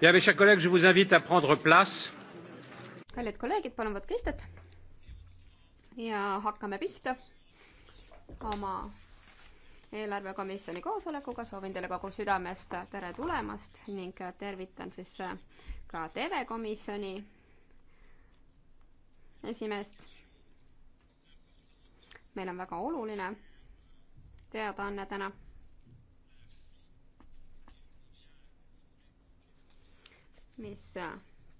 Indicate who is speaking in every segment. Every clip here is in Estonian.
Speaker 1: Ja, mes chers collègues, je vous invite à prendre place.
Speaker 2: kallid kolleegid, palun võtke istet ja hakkame pihta oma eelarvekomisjoni koosolekuga. soovin teile kogu südamest tere tulemast ning tervitan siis ka telekomisjoni esimeest. meil on väga oluline teadaanne täna mis äh,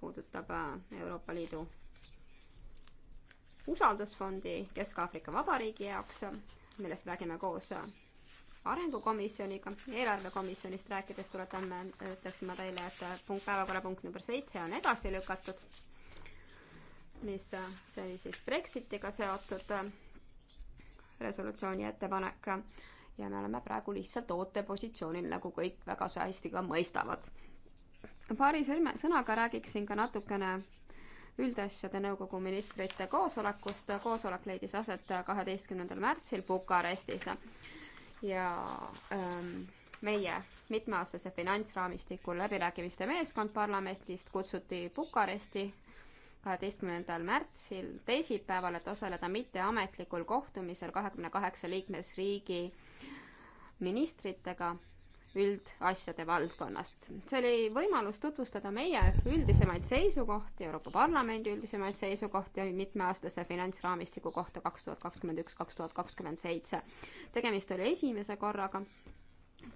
Speaker 2: puudutab äh, Euroopa Liidu usaldusfondi Kesk-Aafrika Vabariigi jaoks, millest räägime koos äh, arengukomisjoniga, eelarvekomisjonist rääkides tuletame, ütleksime teile, et punkt, päevakorrapunkt number seitse on edasi lükatud, mis, see oli siis Brexitiga seotud resolutsiooni ettepanek ja me oleme praegu lihtsalt ootepositsioonil, nagu kõik väga hästi ka mõistavad paari sõrme, sõnaga räägiksin ka natukene üldasjade nõukogu ministrite koosolekust. koosolek leidis aset kaheteistkümnendal märtsil Bukarestis ja ähm, meie mitmeaastase finantsraamistiku läbirääkimiste meeskond parlamendist kutsuti Bukaresti kaheteistkümnendal märtsil teisipäeval, et osaleda mitteametlikul kohtumisel kahekümne kaheksa liikmesriigi ministritega üldasjade valdkonnast. see oli võimalus tutvustada meie üldisemaid seisukohti, Euroopa Parlamendi üldisemaid seisukohti mitmeaastase finantsraamistiku kohta kaks tuhat kakskümmend üks, kaks tuhat kakskümmend seitse. tegemist oli esimese korraga,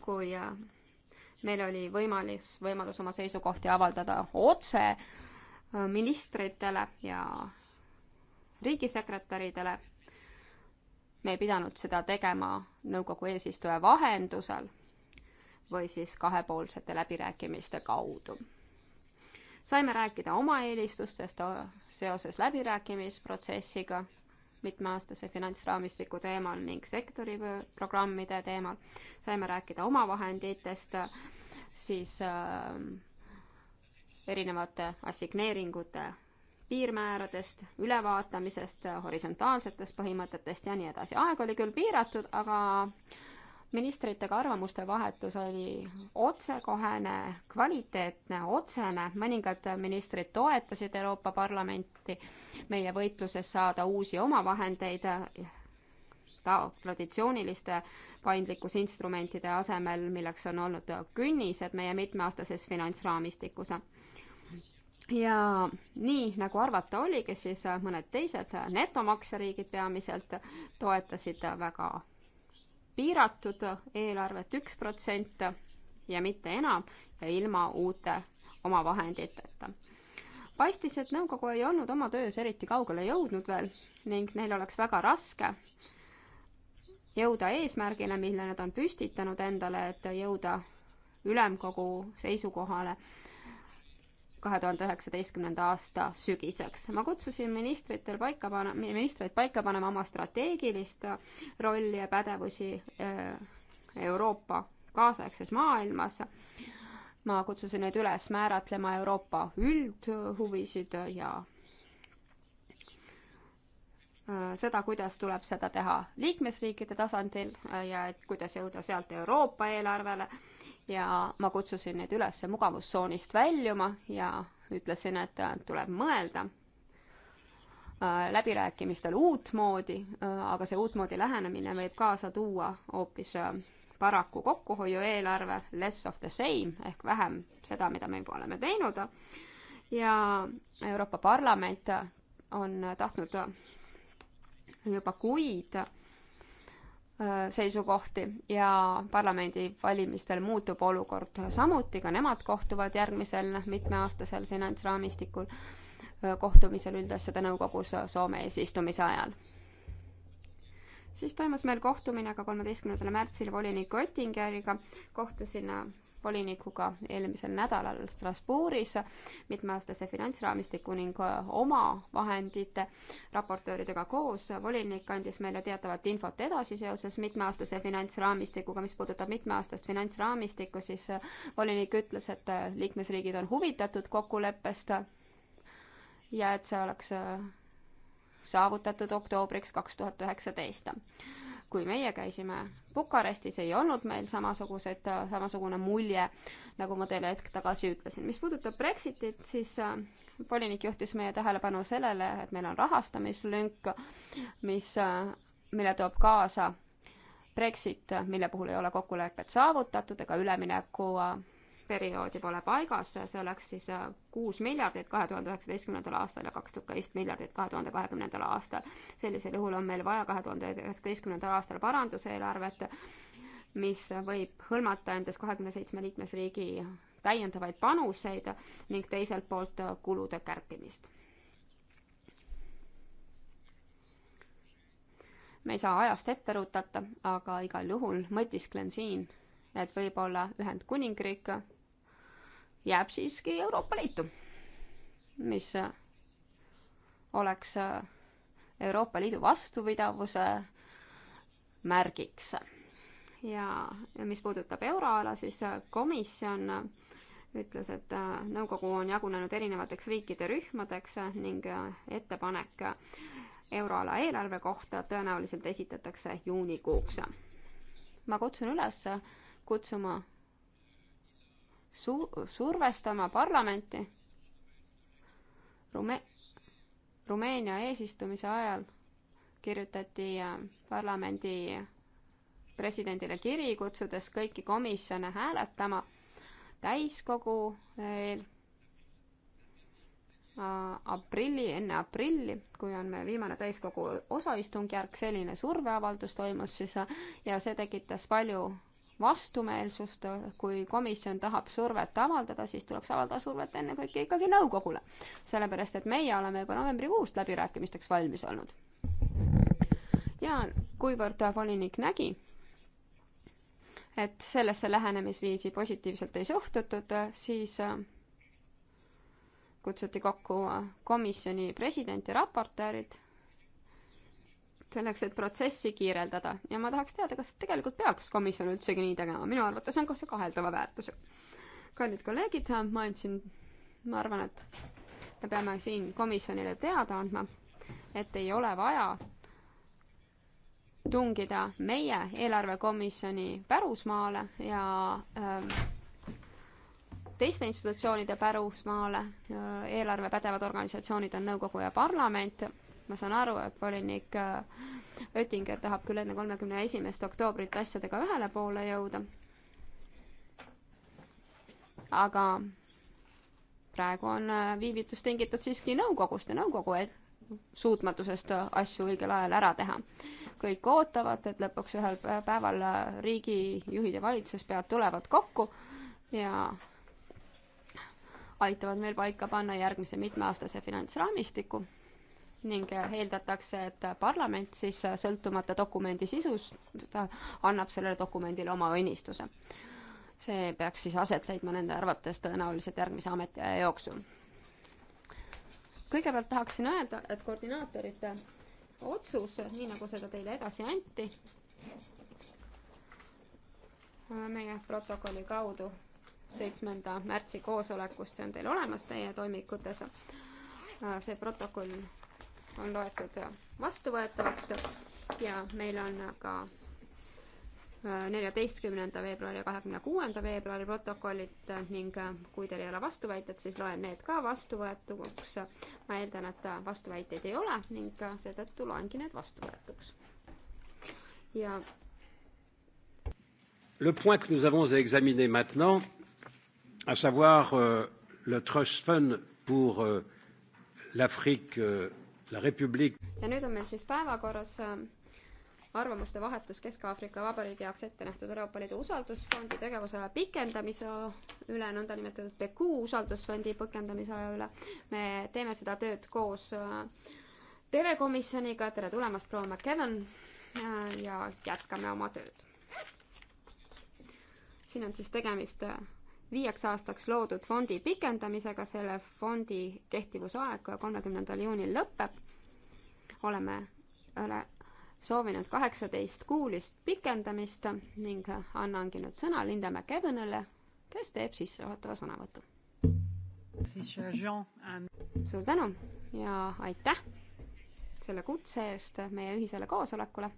Speaker 2: kui äh, meil oli võimalus, võimalus oma seisukohti avaldada otse äh, ministritele ja riigisekretäridele. me ei pidanud seda tegema nõukogu eesistuja vahendusel või siis kahepoolsete läbirääkimiste kaudu. saime rääkida oma eelistustest seoses läbirääkimisprotsessiga mitmeaastase finantsraamistiku teemal ning sektoriprogrammide teemal, saime rääkida omavahenditest, siis äh, erinevate assigneeringute piirmääradest, ülevaatamisest, horisontaalsetest põhimõtetest ja nii edasi. aeg oli küll piiratud, aga ministritega arvamuste vahetus oli otsekohene, kvaliteetne, otsene, mõningad ministrid toetasid Euroopa Parlamenti meie võitluses saada uusi omavahendeid ta-, traditsiooniliste paindlikkusinstrumentide asemel, milleks on olnud künnised meie mitmeaastases finantsraamistikus. ja nii, nagu arvata oligi, siis mõned teised netomaksjariigid peamiselt toetasid väga piiratud eelarvet üks protsent ja mitte enam ja ilma uute omavahenditeta. paistis, et nõukogu ei olnud oma töös eriti kaugele jõudnud veel ning neil oleks väga raske jõuda eesmärgile, mille nad on püstitanud endale, et jõuda ülemkogu seisukohale kahe tuhande üheksateistkümnenda aasta sügiseks. ma kutsusin ministritel paika pane-, ministreid paika panema oma strateegilist rolli ja pädevusi äh, Euroopa kaasaegses maailmas. ma kutsusin neid üles määratlema Euroopa üldhuvisid ja äh, seda, kuidas tuleb seda teha liikmesriikide tasandil ja et kuidas jõuda sealt Euroopa eelarvele ja ma kutsusin neid üles mugavustsoonist väljuma ja ütlesin, et äh, tuleb mõelda äh, läbirääkimistel uutmoodi, äh, aga see uutmoodi lähenemine võib kaasa tuua hoopis paraku kokkuhoiu eelarve, less of the same ehk vähem seda, mida me juba oleme teinud. ja Euroopa Parlament on tahtnud juba kuid Äh, seisukohti ja parlamendivalimistel muutub olukord samuti, ka nemad kohtuvad järgmisel mitmeaastasel finantsraamistikul äh, kohtumisel üldasjade nõukogus Soome eesistumise ajal. siis toimus meil kohtumine ka kolmeteistkümnendal märtsil volinik Oettingeriga, kohtusin äh, volinikuga eelmisel nädalal Strasbourgis mitmeaastase finantsraamistiku ning äh, oma vahendite raportööridega koos. volinik andis meile teatavat infot edasi seoses mitmeaastase finantsraamistikuga. mis puudutab mitmeaastast finantsraamistikku, siis äh, volinik ütles, et äh, liikmesriigid on huvitatud kokkuleppest ja et see oleks saavutatud oktoobriks kaks tuhat üheksateist kui meie käisime Bukarestis, ei olnud meil samasugused, samasugune mulje, nagu ma teile hetk tagasi ütlesin. mis puudutab Brexitit, siis äh, volinik juhtis meie tähelepanu sellele, et meil on rahastamislünk, mis, äh, mille toob kaasa Brexit, mille puhul ei ole kokkulepet saavutatud ega ülemineku äh, perioodi pole paigas, see oleks siis äh, kuus miljardit kahe tuhande üheksateistkümnendal aastal ja kaks tuhat miljardit kahe tuhande kahekümnendal aastal. sellisel juhul on meil vaja kahe tuhande üheksateistkümnendal aastal paranduseelarvet, mis võib hõlmata endas kahekümne seitsme liikmesriigi täiendavaid panuseid ning teiselt poolt kulude kärpimist. me ei saa ajast ette rutata, aga igal juhul mõtisklen siin et võib-olla Ühendkuningriik jääb siiski Euroopa Liitu, mis oleks Euroopa Liidu vastupidavuse märgiks. ja, ja mis puudutab euroala, siis komisjon ütles, et nõukogu on jagunenud erinevateks riikide rühmadeks ning ettepanek euroala eelarve kohta tõenäoliselt esitatakse juunikuuks. ma kutsun üles kutsuma su-, survestama parlamenti Rume-, Rumeenia eesistumise ajal kirjutati äh, parlamendi presidendile kiri, kutsudes kõiki komisjone hääletama täiskogu eel äh, aprilli, enne aprilli, kui on meil viimane täiskogu osaistungjärk, selline surveavaldus toimus siis äh, ja see tekitas palju vastumeelsust, kui komisjon tahab survet avaldada, siis tuleks avaldada survet ennekõike ikkagi nõukogule. sellepärast, et meie oleme juba novembrikuust läbirääkimisteks valmis olnud. ja kuivõrd volinik nägi, et sellesse lähenemisviisi positiivselt ei suhtutud, siis kutsuti kokku komisjoni president ja raportöörid selleks, et protsessi kiireldada ja ma tahaks teada, kas tegelikult peaks komisjon üldsegi nii tegema, minu arvates on ka see kaheldava väärtusega. kallid kolleegid, ma andsin, ma arvan, et me peame siin komisjonile teada andma, et ei ole vaja tungida meie eelarvekomisjoni pärusmaale ja ähm, teiste institutsioonide pärusmaale, äh, eelarvepädevad organisatsioonid on nõukogu ja parlament ma saan aru, et volinik äh, Oettinger tahab küll enne kolmekümne esimest oktoobrit asjadega ühele poole jõuda, aga praegu on äh, viivitus tingitud siiski nõukogust ja nõukogu suutmatusest asju õigel ajal ära teha. kõik ootavad, et lõpuks ühel päeval äh, riigijuhid ja valitsuspead tulevad kokku ja aitavad meil paika panna järgmise mitmeaastase finantsraamistiku ning eeldatakse, et parlament siis sõltumata dokumendi sisust annab sellele dokumendile oma õnnistuse. see peaks siis aset leidma nende arvates tõenäoliselt järgmise ametiaja jooksul. kõigepealt tahaksin öelda, et koordinaatorite otsus, nii nagu seda teile edasi anti, meie protokolli kaudu seitsmenda märtsi koosolekust, see on teil olemas teie toimikutes see protokoll on loetud vastuvõetavaks ja meil on ka äh, neljateistkümnenda veebruari ja kahekümne kuuenda veebruari protokollid ning äh, kui teil ei ole vastuväited, siis loen need ka vastuvõetuks. ma eeldan, et vastuväiteid ei ole ning äh, seetõttu loengi need vastuvõetuks. ja.
Speaker 1: Le point que nous avons à examiner maintenant, à savoir euh, le trust fund pour euh, l'Afrique euh, ja
Speaker 2: nüüd on meil siis päevakorras äh, arvamuste vahetus Kesk-Aafrika Vabariigi jaoks ette nähtud Euroopa Liidu usaldusfondi tegevuse aja pikendamise üle, nõndanimetatud PQ usaldusfondi pikendamise aja üle. me teeme seda tööd koos äh, telekomisjoniga, tere tulemast, proua McKevon äh, ja jätkame oma tööd. siin on siis tegemist viieks aastaks loodud fondi pikendamisega, selle fondi kehtivusaeg kolmekümnendal juunil lõpeb. oleme ole äh, soovinud kaheksateist kuulist pikendamist ning annangi nüüd sõna Linda McEvenile, kes teeb sissejuhatava sõnavõtu. suur tänu ja aitäh selle kutse eest meie ühisele koosolekule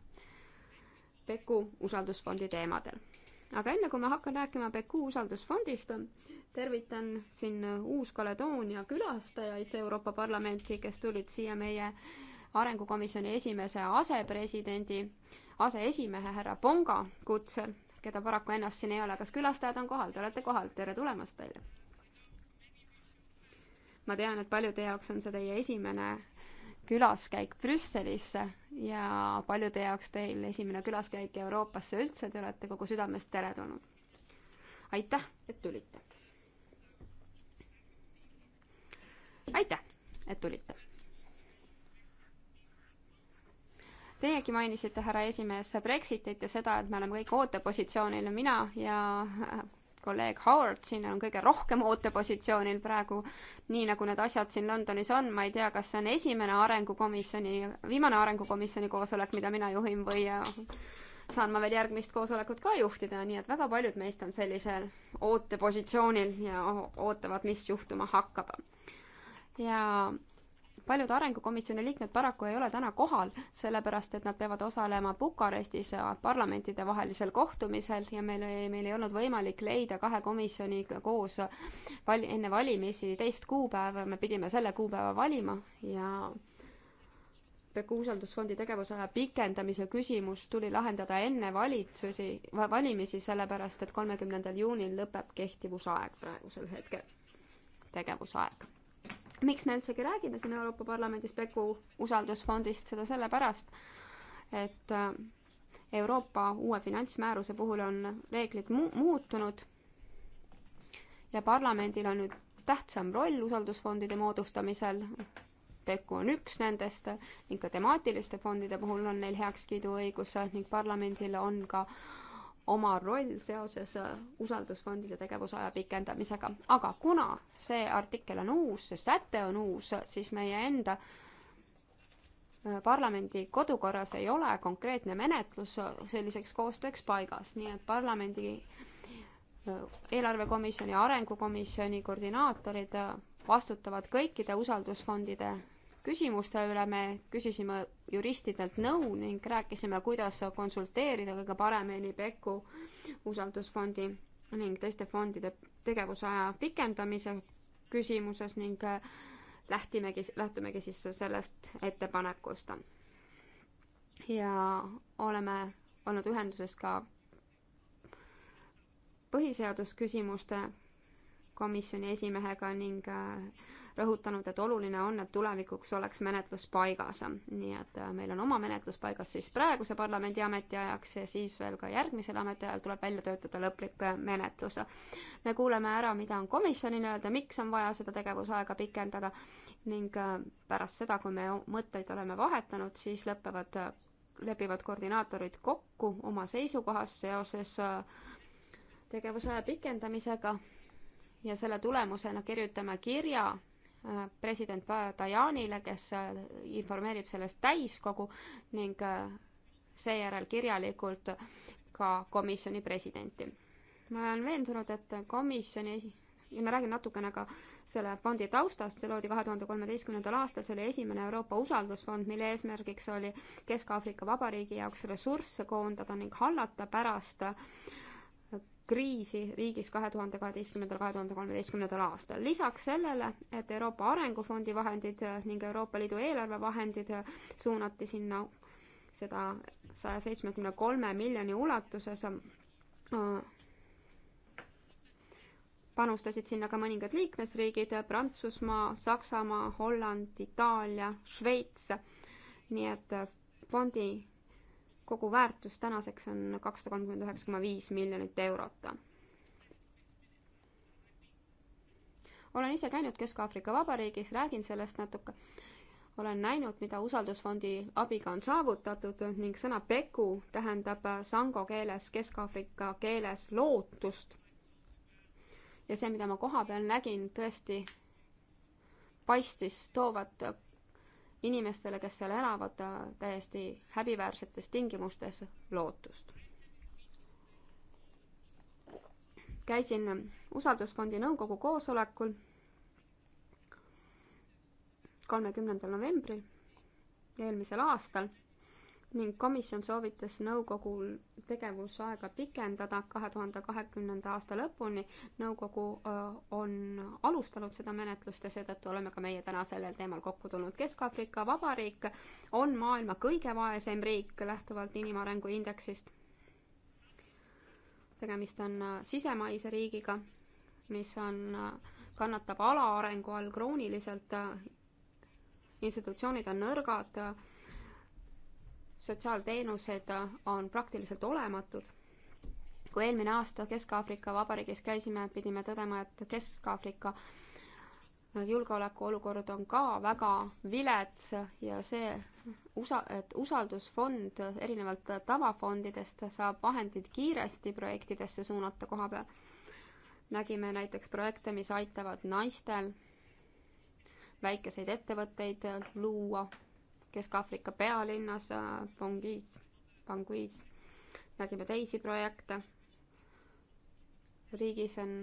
Speaker 2: Peku usaldusfondi teemadel aga enne kui ma hakkan rääkima Beku usaldusfondist, tervitan siin Uus-Kaledoonia külastajaid Euroopa Parlamenti, kes tulid siia meie arengukomisjoni esimese asepresidendi, aseesimehe härra Ponga kutsel, keda paraku ennast siin ei ole. kas külastajad on kohal, te olete kohal, tere tulemast teile! ma tean, et paljude jaoks on see teie esimene külaskäik Brüsselisse ja paljude jaoks teil esimene külaskäik Euroopasse üldse, te olete kogu südamest teretulnud. aitäh, et tulite. aitäh, et tulite. Teiegi mainisite, härra esimees, Brexitit ja seda, et me oleme kõik ootepositsioonil, mina ja kolleeg Howard siin on kõige rohkem ootepositsioonil praegu, nii nagu need asjad siin Londonis on, ma ei tea, kas see on esimene arengukomisjoni, viimane arengukomisjoni koosolek, mida mina juhin või äh, saan ma veel järgmist koosolekut ka juhtida, nii et väga paljud meist on sellisel ootepositsioonil ja ootavad, mis juhtuma hakkab. ja paljud Arengukomisjoni liikmed paraku ei ole täna kohal, sellepärast et nad peavad osalema Bukarestis parlamentidevahelisel kohtumisel ja meil ei, meil ei olnud võimalik leida kahe komisjoniga koos val-, enne valimisi teist kuupäeva, me pidime selle kuupäeva valima ja usaldusfondi tegevusaja pikendamise küsimus tuli lahendada enne valitsusi, valimisi, sellepärast et kolmekümnendal juunil lõpeb kehtivusaeg praegusel hetkel, tegevusaeg miks me üldsegi räägime siin Euroopa Parlamendis Peku usaldusfondist, seda sellepärast, et äh, Euroopa uue finantsmääruse puhul on reeglid mu muutunud ja parlamendil on nüüd tähtsam roll usaldusfondide moodustamisel. Peku on üks nendest ning ka temaatiliste fondide puhul on neil heakskiiduõigus ning parlamendil on ka äh, oma roll seoses äh, usaldusfondide tegevusaja pikendamisega. aga kuna see artikkel on uus, see säte on uus, siis meie enda äh, parlamendi kodukorras ei ole konkreetne menetlus äh, selliseks koostööks paigas, nii et parlamendi eelarvekomisjoni, arengukomisjoni koordinaatorid vastutavad kõikide usaldusfondide küsimuste üle, me küsisime juristidelt nõu ning rääkisime, kuidas konsulteerida kõige paremini Peku usaldusfondi ning teiste fondide tegevusaja pikendamise küsimuses ning äh, lähtimegi, lähtumegi siis sellest ettepanekust. ja oleme olnud ühenduses ka põhiseadusküsimuste komisjoni esimehega ning äh, rõhutanud, et oluline on, et tulevikuks oleks menetlus paigas. nii et äh, meil on oma menetlus paigas siis praeguse parlamendi ametiajaks ja siis veel ka järgmisel ametiajal tuleb välja töötada lõplik äh, menetlus. me kuuleme ära, mida on komisjonil öelda, miks on vaja seda tegevusaega pikendada ning äh, pärast seda, kui me mõtteid oleme vahetanud, siis lõpevad, lepivad koordinaatorid kokku oma seisukohas seoses tegevusaja pikendamisega ja selle tulemusena kirjutame kirja president Tajanile, kes äh, informeerib sellest täiskogu ning äh, seejärel kirjalikult ka komisjoni presidenti. ma olen veendunud, et komisjoni esi-, ja ma räägin natukene ka selle fondi taustast, see loodi kahe tuhande kolmeteistkümnendal aastal, see oli esimene Euroopa usaldusfond, mille eesmärgiks oli Kesk-Aafrika Vabariigi jaoks ressursse koondada ning hallata pärast äh, kriisi riigis kahe tuhande kaheteistkümnendal, kahe tuhande kolmeteistkümnendal aastal. lisaks sellele, et Euroopa Arengufondi vahendid ning Euroopa Liidu eelarvevahendid suunati sinna seda saja seitsmekümne kolme miljoni ulatuses, äh, panustasid sinna ka mõningad liikmesriigid, Prantsusmaa, Saksamaa, Holland, Itaalia, Šveits, nii et fondi kogu väärtus tänaseks on kakssada kolmkümmend üheksa koma viis miljonit eurot. olen ise käinud Kesk-Aafrika Vabariigis, räägin sellest natuke. olen näinud, mida usaldusfondi abiga on saavutatud ning sõna peku tähendab sango keeles, Kesk-Aafrika keeles lootust. ja see, mida ma kohapeal nägin, tõesti paistis toovat inimestele, kes seal elavad äh, täiesti häbiväärsetes tingimustes, lootust. käisin usaldusfondi nõukogu koosolekul kolmekümnendal novembril eelmisel aastal ning komisjon soovitas nõukogul tegevusaega pikendada kahe tuhande kahekümnenda aasta lõpuni. nõukogu on alustanud seda menetlust ja seetõttu oleme ka meie täna sellel teemal kokku tulnud. Kesk-Aafrika Vabariik on maailma kõige vaesem riik lähtuvalt inimarengu indeksist. tegemist on sisemaise riigiga, mis on, kannatab alaarengu all krooniliselt. institutsioonid on nõrgad sotsiaalteenused on praktiliselt olematud. kui eelmine aasta Kesk-Aafrika Vabariigis käisime, pidime tõdema, et Kesk-Aafrika julgeolekuolukord on ka väga vilets ja see usa-, et usaldusfond erinevalt tavafondidest saab vahendid kiiresti projektidesse suunata koha peal. nägime näiteks projekte, mis aitavad naistel väikeseid ettevõtteid luua Kesk-Aafrika pealinnas Bangis, äh, Banguis nägime teisi projekte. riigis on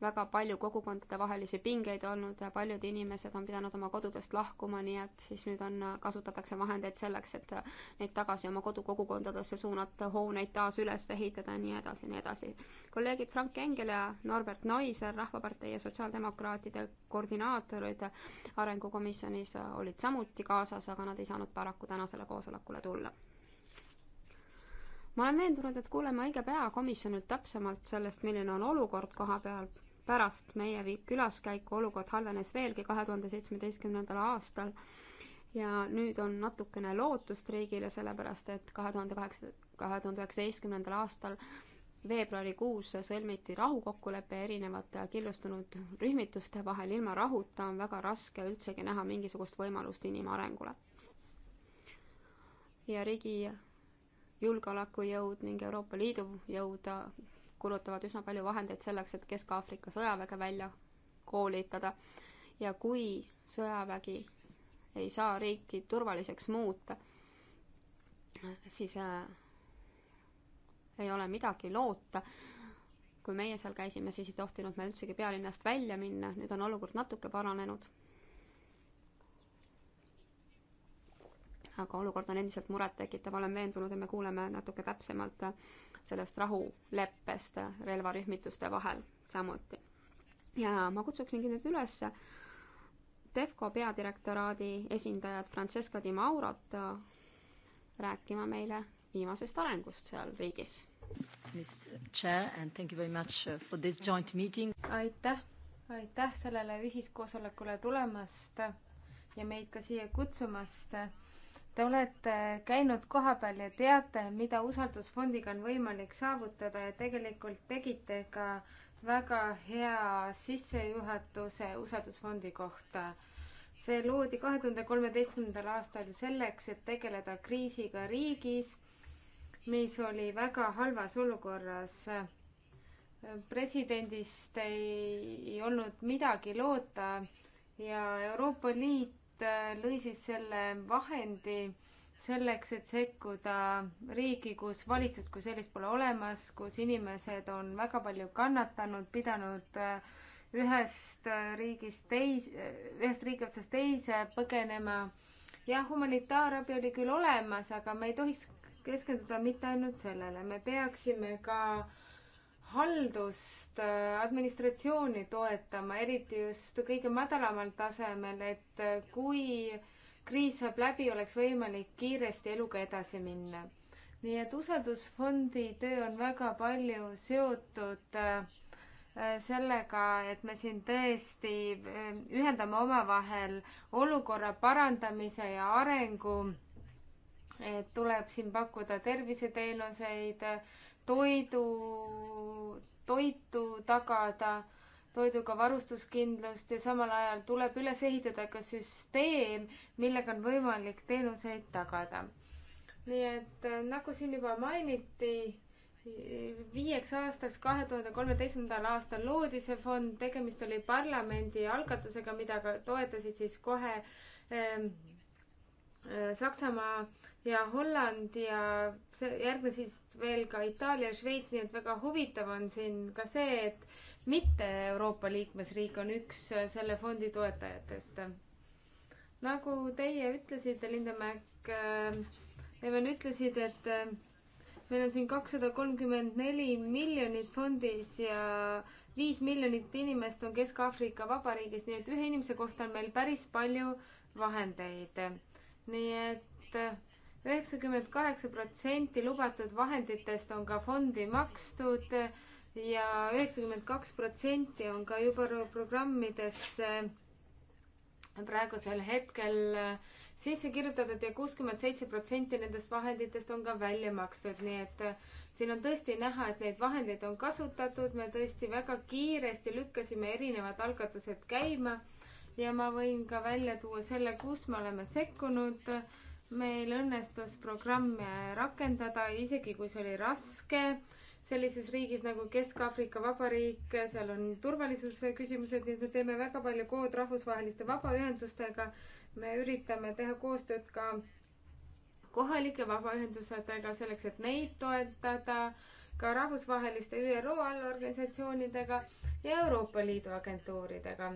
Speaker 2: väga palju kogukondadevahelisi pingeid olnud ja paljud inimesed on pidanud oma kodudest lahkuma, nii et siis nüüd on, kasutatakse vahendeid selleks, et neid tagasi oma kodukogukondadesse suunata, hooneid taas üles ehitada ja nii edasi ja nii edasi. kolleegid Frank Engel ja Norbert Noiser, Rahvapartei ja Sotsiaaldemokraatide koordinaatorid arengukomisjonis olid samuti kaasas, aga nad ei saanud paraku tänasele koosolekule tulla ma olen veendunud, et kuuleme õige pea komisjonilt täpsemalt sellest, milline on olukord koha peal pärast meie viik külaskäiku olukord halvenes veelgi kahe tuhande seitsmeteistkümnendal aastal ja nüüd on natukene lootust riigile, sellepärast et kahe tuhande kaheksa, kahe tuhande üheksateistkümnendal aastal veebruarikuus sõlmiti rahukokkulepe erinevate killustunud rühmituste vahel, ilma rahuta on väga raske üldsegi näha mingisugust võimalust inimarengule. ja riigi julgeolekujõud ning Euroopa Liidu jõud kulutavad üsna palju vahendeid selleks, et Kesk-Aafrika sõjaväge välja koolitada ja kui sõjavägi ei saa riiki turvaliseks muuta, siis äh, ei ole midagi loota. kui meie seal käisime, siis ei tohtinud me üldsegi pealinnast välja minna, nüüd on olukord natuke paranenud. aga olukord on endiselt murettekitav, olen veendunud, et me kuuleme natuke täpsemalt äh, sellest rahuleppest relvarühmituste vahel samuti. ja ma kutsuksingi nüüd üles Defco peadirektoraadi esindajat Francesca Di Maurot rääkima meile viimasest arengust seal riigis.
Speaker 1: Uh, aitäh, aitäh sellele ühiskoosolekule tulemast ja meid ka siia kutsumast Te olete käinud kohapeal ja teate, mida usaldusfondiga on võimalik saavutada ja tegelikult tegite ka väga hea sissejuhatuse usaldusfondi kohta. see loodi kahe tuhande kolmeteistkümnendal aastal selleks, et tegeleda kriisiga riigis, mis oli väga halvas olukorras presidendist ei olnud midagi loota ja Euroopa Liit Äh, lõi siis selle vahendi selleks, et sekkuda riigi, kus valitsust kui sellist pole olemas, kus inimesed on väga palju kannatanud, pidanud äh, ühest äh, riigist teis-, ühest riigi otsast teise põgenema. jah, humanitaarabi oli küll olemas, aga me ei tohiks keskenduda mitte ainult sellele, me peaksime ka äh, haldust, äh, administratsiooni toetama, eriti just kõige madalamal tasemel, et äh, kui kriis saab läbi, oleks võimalik kiiresti eluga edasi minna. nii et usaldusfondi töö on väga palju seotud äh, sellega, et me siin tõesti ühendame omavahel olukorra parandamise ja arengu, et tuleb siin pakkuda terviseteenuseid, toidu, toitu tagada, toiduga varustuskindlust ja samal ajal tuleb üles ehitada ka süsteem, millega on võimalik teenuseid tagada. nii et äh, nagu siin juba mainiti, viieks aastaks, kahe tuhande kolmeteistkümnendal aastal loodi see fond, tegemist oli parlamendi algatusega, mida ka toetasid siis kohe ähm, äh, Saksamaa äh, ja Holland ja järgnesid veel ka Itaalia ja Šveits, nii et väga huvitav on siin ka see, et mitte Euroopa liikmesriik on üks selle fondi toetajatest. nagu teie ütlesite, Lindemäek, äh, Even ütlesid, et äh, meil on siin kakssada kolmkümmend neli miljonit fondis ja viis miljonit inimest on Kesk-Aafrika Vabariigis, nii et ühe inimese kohta on meil päris palju vahendeid. nii et äh, üheksakümmend kaheksa protsenti lubatud vahenditest on ka fondi makstud ja üheksakümmend kaks protsenti on ka juba programmidesse praegusel hetkel äh, sisse kirjutatud ja kuuskümmend seitse protsenti nendest vahenditest on ka välja makstud, nii et äh, siin on tõesti näha, et neid vahendeid on kasutatud, me tõesti väga kiiresti lükkasime erinevad algatused käima ja ma võin ka välja tuua selle, kus me oleme sekkunud meil õnnestus programme rakendada, isegi kui see oli raske sellises riigis nagu Kesk-Aafrika Vabariik, seal on turvalisuse küsimused, nii et me teeme väga palju kood rahvusvaheliste vabaühendustega. me üritame teha koostööd ka kohalike vabaühendusetega selleks, et neid toetada, ka rahvusvaheliste ÜRO allorganisatsioonidega ja Euroopa Liidu agentuuridega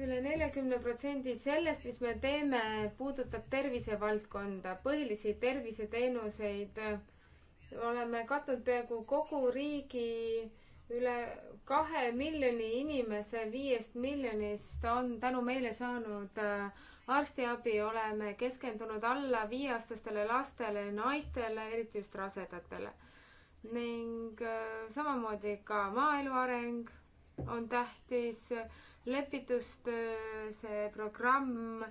Speaker 1: üle neljakümne protsendi sellest, mis me teeme, puudutab tervisevaldkonda, põhilisi terviseteenuseid äh, oleme katnud peaaegu kogu riigi üle kahe miljoni inimese viiest miljonist on tänu meile saanud äh, arstiabi, oleme keskendunud alla viieaastastele lastele, naistele, eriti just rasedatele. ning äh, samamoodi ka maaelu areng on tähtis lepitustöö, see programm,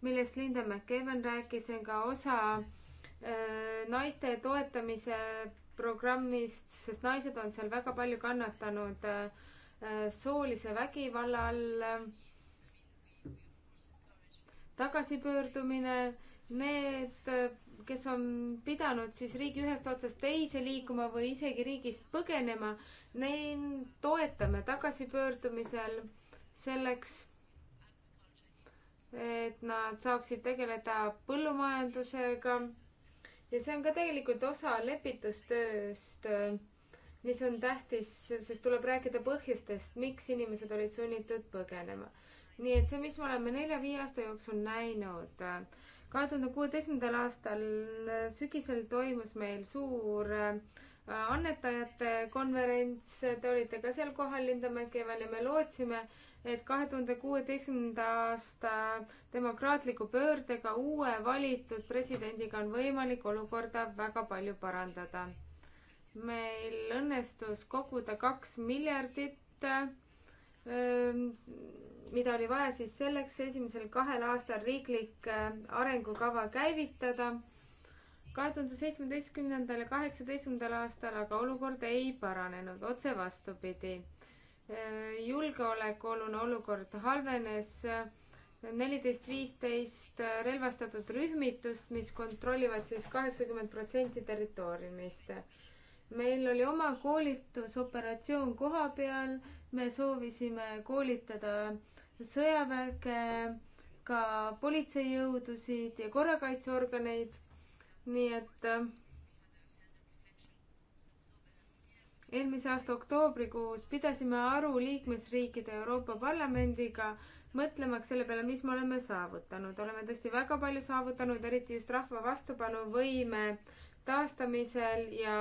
Speaker 1: millest Linda McEwen rääkis, on ka osa äh, naiste toetamise programmist, sest naised on seal väga palju kannatanud äh, soolise vägivalla all. tagasipöördumine, need, kes on pidanud siis riigi ühest otsast teise liikuma või isegi riigist põgenema, neid toetame tagasipöördumisel selleks, et nad saaksid tegeleda põllumajandusega. ja see on ka tegelikult osa lepitustööst, mis on tähtis, sest tuleb rääkida põhjustest, miks inimesed olid sunnitud põgenema. nii et see, mis me oleme nelja-viie aasta jooksul näinud, kahe tuhande kuueteistkümnendal aastal sügisel toimus meil suur äh, annetajate konverents, te olite ka seal kohal, Linda Mäkkeval ja me lootsime, et kahe tuhande kuueteistkümnenda aasta demokraatliku pöördega uue valitud presidendiga on võimalik olukorda väga palju parandada. meil õnnestus koguda kaks miljardit, mida oli vaja siis selleks esimesel kahel aastal riiklik arengukava käivitada. kahe tuhande seitsmeteistkümnendal ja kaheksateistkümnendal aastal aga olukord ei paranenud, otse vastupidi julgeolekuolune olukord halvenes, neliteist, viisteist relvastatud rühmitust, mis kontrollivad siis kaheksakümmend protsenti territooriumist. meil oli oma koolitusoperatsioon koha peal, me soovisime koolitada sõjaväge, ka politseijõudusid ja korrakaitseorganeid, nii et eelmise aasta oktoobrikuus pidasime aru liikmesriikide Euroopa Parlamendiga, mõtlemaks selle peale, mis me oleme saavutanud. oleme tõesti väga palju saavutanud, eriti just rahva vastupanuvõime taastamisel ja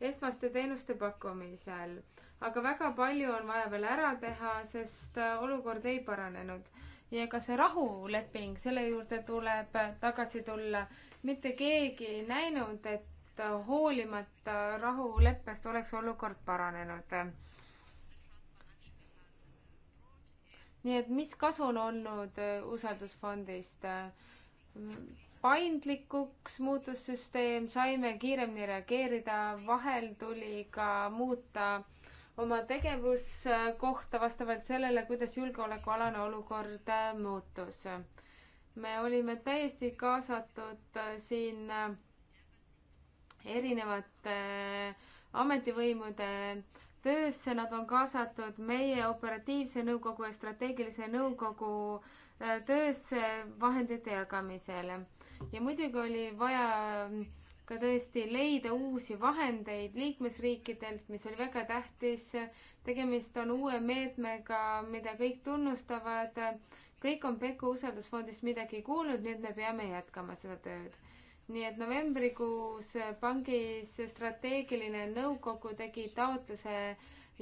Speaker 1: esmaste teenuste pakkumisel. aga väga palju on vaja veel ära teha, sest olukord ei paranenud. ja ka see rahuleping, selle juurde tuleb tagasi tulla. mitte keegi ei näinud, et et hoolimata rahuleppest oleks olukord paranenud. nii et mis kasu on olnud usaldusfondist? paindlikuks muutus süsteem, saime kiiremini reageerida, vahel tuli ka muuta oma tegevuskohta vastavalt sellele, kuidas julgeolekualane olukord muutus. me olime täiesti kaasatud siin erinevate äh, ametivõimude töösse, nad on kaasatud meie operatiivse nõukogu ja strateegilise nõukogu äh, töösse vahendite jagamisel. ja muidugi oli vaja mm, ka tõesti leida uusi vahendeid liikmesriikidelt, mis oli väga tähtis. tegemist on uue meetmega, mida kõik tunnustavad. kõik on Peku usaldusfondist midagi kuulnud, nii et me peame jätkama seda tööd nii et novembrikuus pangis strateegiline nõukogu tegi taotluse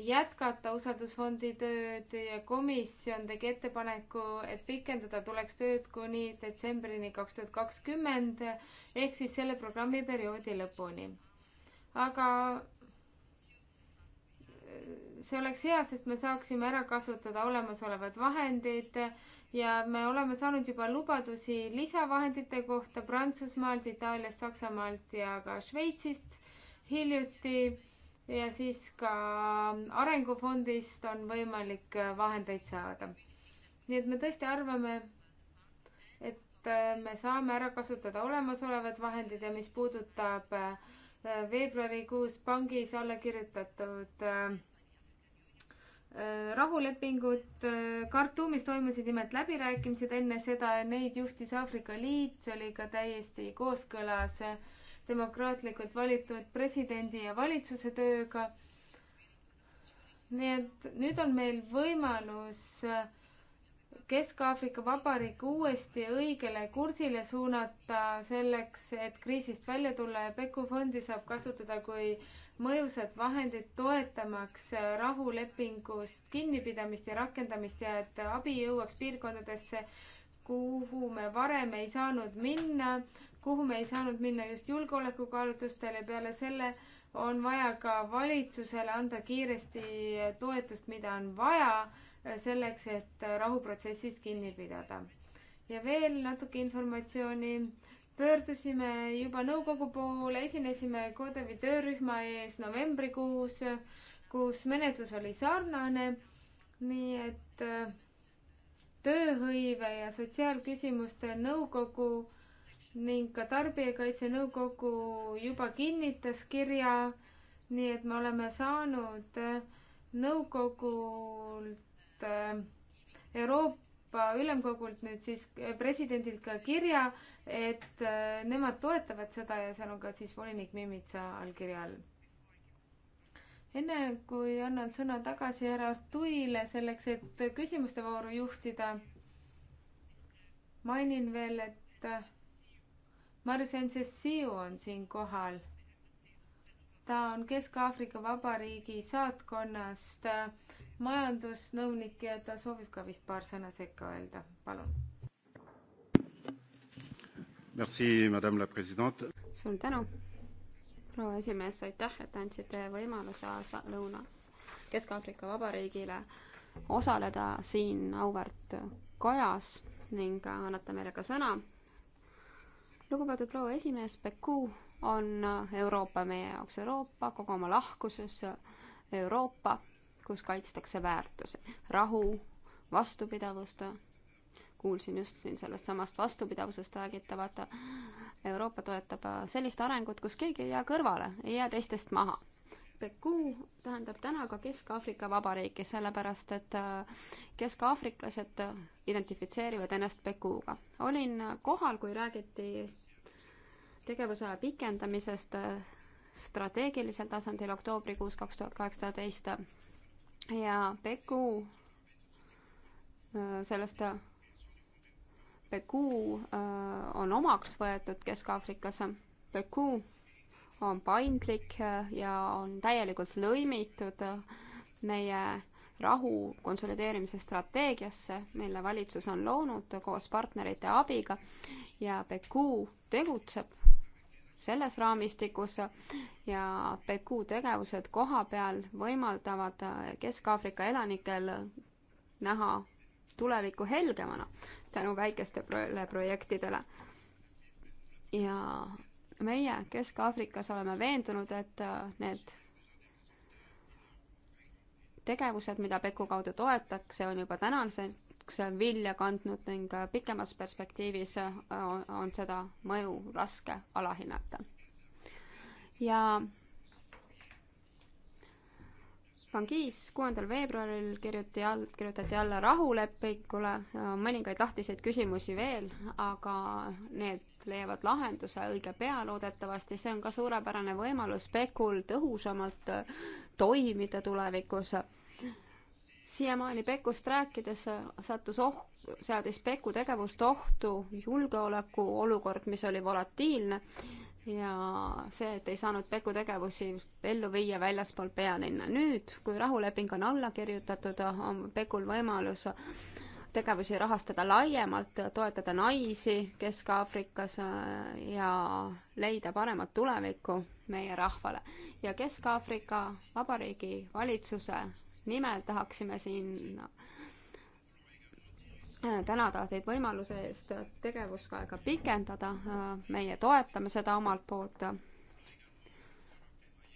Speaker 1: jätkata usaldusfondi tööd ja komisjon tegi ettepaneku, et pikendada tuleks tööd kuni detsembrini kaks tuhat kakskümmend ehk siis selle programmi perioodi lõpuni. aga äh, see oleks hea, sest me saaksime ära kasutada olemasolevad vahendid ja me oleme saanud juba lubadusi lisavahendite kohta Prantsusmaalt, Itaaliast, Saksamaalt ja ka Šveitsist hiljuti. ja siis ka Arengufondist on võimalik vahendeid saada. nii et me tõesti arvame, et äh, me saame ära kasutada olemasolevad vahendid ja mis puudutab äh, veebruarikuus pangis alla kirjutatud äh, rahulepingut, äh, Khartoumis toimusid nimelt läbirääkimised enne seda ja neid juhtis Aafrika Liit, see oli ka täiesti kooskõlas demokraatlikult valitud presidendi ja valitsuse tööga. nii et nüüd on meil võimalus Kesk-Aafrika Vabariik uuesti õigele kursile suunata selleks, et kriisist välja tulla ja Peku fondi saab kasutada kui äh, mõjusad vahendid toetamaks rahulepingust kinnipidamist ja rakendamist ja et abi jõuaks piirkondadesse, kuhu me varem ei saanud minna, kuhu me ei saanud minna just julgeolekukaalutlustel ja peale selle on vaja ka valitsusele anda kiiresti toetust, mida on vaja selleks, et rahuprotsessist kinni pidada. ja veel natuke informatsiooni pöördusime juba nõukogu poole, esinesime Kodevi töörühma ees novembrikuus, kus menetlus oli sarnane, nii et äh, tööhõive ja sotsiaalküsimuste nõukogu ning ka Tarbijakaitse Nõukogu juba kinnitas kirja, nii et me oleme saanud äh, nõukogult äh, Euroopa Euroopa Ülemkogult nüüd siis eh, presidendilt ka kirja, et eh, nemad toetavad seda ja seal on ka siis volinik Mimitsa allkirja all. enne kui annan sõna tagasi härra Artuile selleks, et küsimuste vooru juhtida, mainin veel, et Maris Ensesiu on siin kohal ta on Kesk-Aafrika Vabariigi saatkonnast majandusnõunik ja ta soovib ka vist paar sõna sekka öelda, palun. suur tänu, proua esimees, aitäh,
Speaker 2: et andsite võimaluse Lõuna Kesk-Aafrika Vabariigile osaleda siin auväärt kojas ning annate meile ka sõna. lugupeetud proua esimees, Beku on Euroopa meie jaoks Euroopa, kogu oma lahkuses Euroopa, kus kaitstakse väärtusi, rahu, vastupidavust, kuulsin just siin sellest samast vastupidavusest räägitavat, Euroopa toetab sellist arengut, kus keegi ei jää kõrvale, ei jää teistest maha. Peku tähendab täna ka Kesk-Aafrika Vabariiki, sellepärast et keskaafriklased identifitseerivad ennast Pekuga. olin kohal, kui räägiti tegevusaja pikendamisest äh, strateegilisel tasandil oktoobrikuus kaks tuhat kaheksateist ja Peku äh, sellest äh, Peku on omaks võetud Kesk-Aafrikas. Peku on paindlik ja on täielikult lõimitud meie rahu konsolideerimise strateegiasse, mille valitsus on loonud koos partnerite abiga ja Peku tegutseb selles raamistikus ja PQ tegevused koha peal võimaldavad Kesk-Aafrika elanikel näha tulevikku helgemana tänu väikestele projektidele. ja meie Kesk-Aafrikas oleme veendunud, et need tegevused, mida PECU kaudu toetakse, on juba tänasel aastaks vilja kandnud ning pikemas perspektiivis on, on seda mõju raske alahinnata. ja Pangis kuuendal veebruaril kirjuti all, kirjutati alla rahulepikule, mõningaid lahtiseid küsimusi veel, aga need leiavad lahenduse õige pea loodetavasti, see on ka suurepärane võimalus Pekul tõhusamalt toimida tulevikus siiamaani Pekust rääkides sattus oht, seadis Peku tegevust ohtu julgeolekuolukord, mis oli volatiilne ja see, et ei saanud Peku tegevusi ellu viia väljaspool pealinna. nüüd, kui rahuleping on alla kirjutatud, on Pekul võimalus tegevusi rahastada laiemalt, toetada naisi Kesk-Aafrikas äh, ja leida paremat tulevikku meie rahvale. ja Kesk-Aafrika Vabariigi valitsuse nimel tahaksime siin äh, tänada teid võimaluse eest tegevusaega pikendada, äh, meie toetame seda omalt poolt.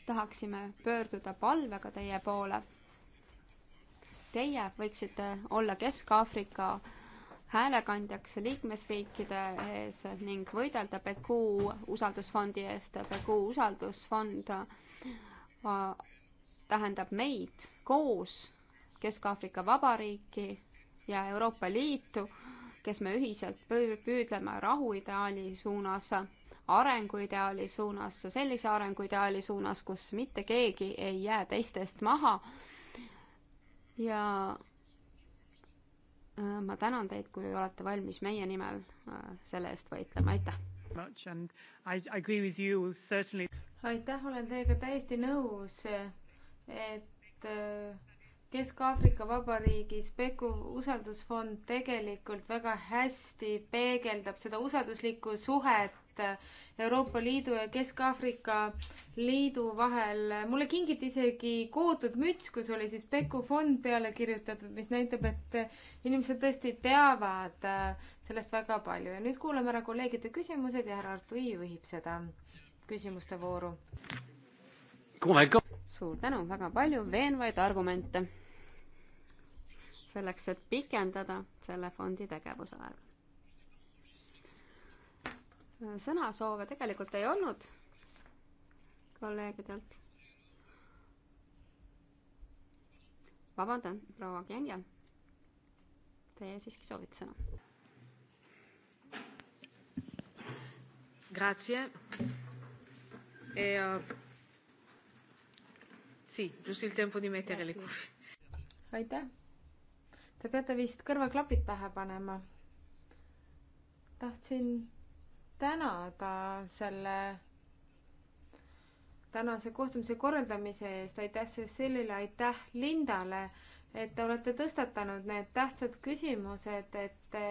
Speaker 2: tahaksime pöörduda palvega teie poole. Teie võiksite olla Kesk-Aafrika häälekandjaks liikmesriikide ees ning võidelda Beku usaldusfondi eest. Beku usaldusfond äh, tähendab meid koos, Kesk-Aafrika Vabariiki ja Euroopa Liitu, kes me ühiselt püüdleme rahuideaali suunas, arenguideaali suunas, sellise arenguideaali suunas, kus mitte keegi ei jää teistest maha. ja äh, ma tänan teid, kui olete valmis meie nimel äh, selle eest võitlema,
Speaker 3: aitäh!
Speaker 1: aitäh, olen teiega täiesti nõus et äh, Kesk-Aafrika Vabariigis Pekuv usaldusfond tegelikult väga hästi peegeldab seda usalduslikku suhet äh, Euroopa Liidu ja Kesk-Aafrika Liidu vahel. mulle kingiti isegi kootud müts, kus oli siis Peku fond peale kirjutatud, mis näitab, et äh, inimesed tõesti teavad sellest väga palju ja nüüd kuulame ära kolleegide küsimused ja härra Artui juhib seda küsimuste vooru. kuule ikka suur tänu, väga palju veenvaid argumente
Speaker 2: selleks, et pikendada selle fondi tegevuse aega. sõnasoove tegelikult ei olnud kolleegidelt. vabandan, proua Kienge. Teie siiski soovite sõna.
Speaker 1: Grazie e,. Uh Sì, giusto il tempo di mettere le cuffie. aitäh! Te peate vist kõrvaklapid pähe panema. tahtsin tänada selle tänase kohtumise korraldamise eest, aitäh Cecilile, aitäh Lindale, et te olete tõstatanud need tähtsad küsimused, et te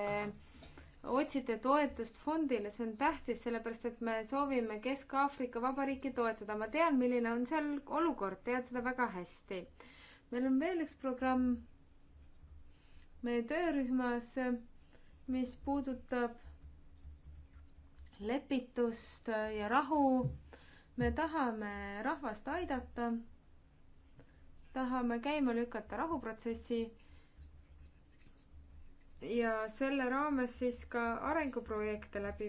Speaker 1: otsite toetust fondile, see on tähtis, sellepärast et me soovime Kesk-Aafrika Vabariiki toetada. ma tean, milline on seal olukord, tean seda väga hästi. meil on veel üks programm meie töörühmas, mis puudutab lepitust ja rahu. me tahame rahvast aidata, tahame käima lükata rahuprotsessi ja selle raames siis ka arenguprojekte läbi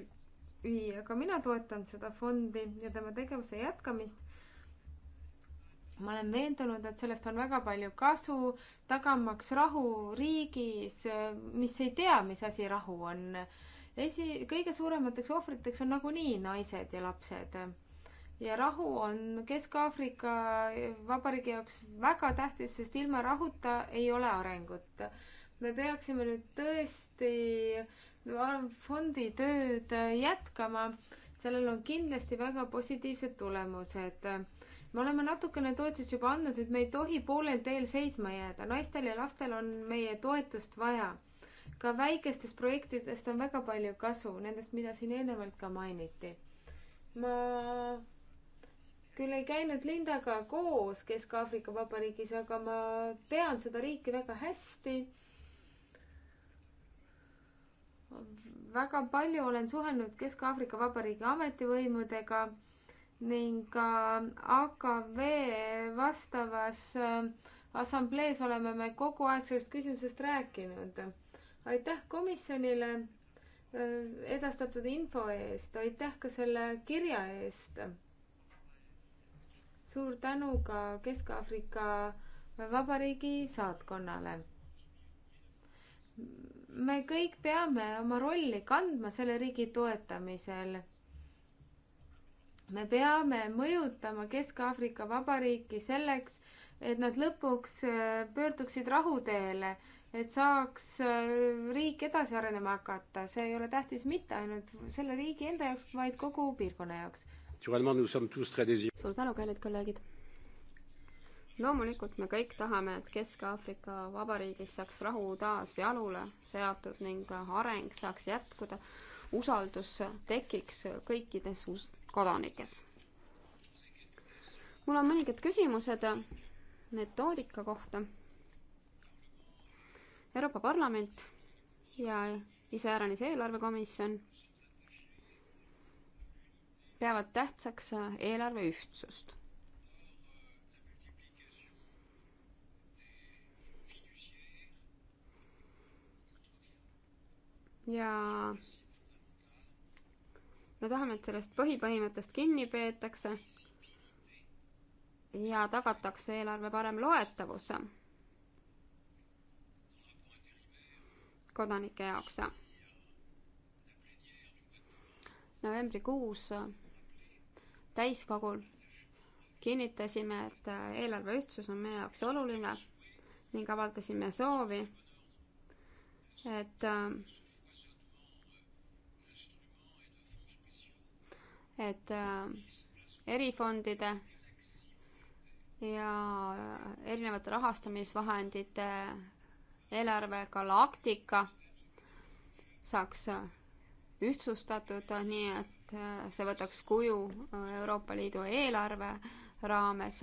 Speaker 1: viia, ka mina toetan seda fondi ja tema tegevuse jätkamist. ma olen veendunud, et sellest on väga palju kasu, tagamaks rahu riigis, mis ei tea, mis asi rahu on. esi, kõige suuremateks ohvriteks on nagunii naised ja lapsed. ja rahu on Kesk-Aafrika Vabariigi jaoks väga tähtis, sest ilma rahuta ei ole arengut me peaksime nüüd tõesti fondi tööd jätkama, sellel on kindlasti väga positiivsed tulemused. me oleme natukene toetust juba andnud, et me ei tohi poolel teel seisma jääda, naistel ja lastel on meie toetust vaja. ka väikestest projektidest on väga palju kasu, nendest, mida siin eelnevalt ka mainiti. ma küll ei käinud Lindaga koos Kesk-Aafrika Vabariigis, aga ma tean seda riiki väga hästi väga palju olen suhelnud Kesk-Aafrika Vabariigi ametivõimudega ning ka AKV vastavas äh, assamblees oleme me kogu aeg sellest küsimusest rääkinud. aitäh komisjonile äh, edastatud info eest, aitäh ka selle kirja eest. suur tänu ka Kesk-Aafrika Vabariigi saatkonnale me kõik peame oma rolli kandma selle riigi toetamisel. me peame mõjutama Kesk-Aafrika Vabariiki selleks, et nad lõpuks äh, pöörduksid rahuteele, et saaks äh, riik edasi arenema hakata. see ei ole tähtis mitte ainult selle riigi enda jaoks, vaid kogu piirkonna jaoks. suur tänu, kallid kolleegid
Speaker 2: loomulikult me kõik tahame, et Kesk-Aafrika Vabariigis saaks rahu taas jalule seatud ning areng saaks jätkuda, usaldus tekiks kõikides kodanikes. mul on mõningad küsimused metoodika kohta. Euroopa Parlament ja iseäranis eelarvekomisjon peavad tähtsaks eelarve ühtsust ja me tahame, et sellest põhipõhimõttest kinni peetakse ja tagatakse eelarve parem loetavus kodanike jaoks. novembrikuus täiskogul kinnitasime, et eelarve ühtsus on meie jaoks oluline ning avaldasime soovi, et äh, et äh, erifondide ja erinevate rahastamisvahendite eelarve galaktika saaks äh, ühtsustatud, nii et äh, see võtaks kuju Euroopa Liidu eelarve raames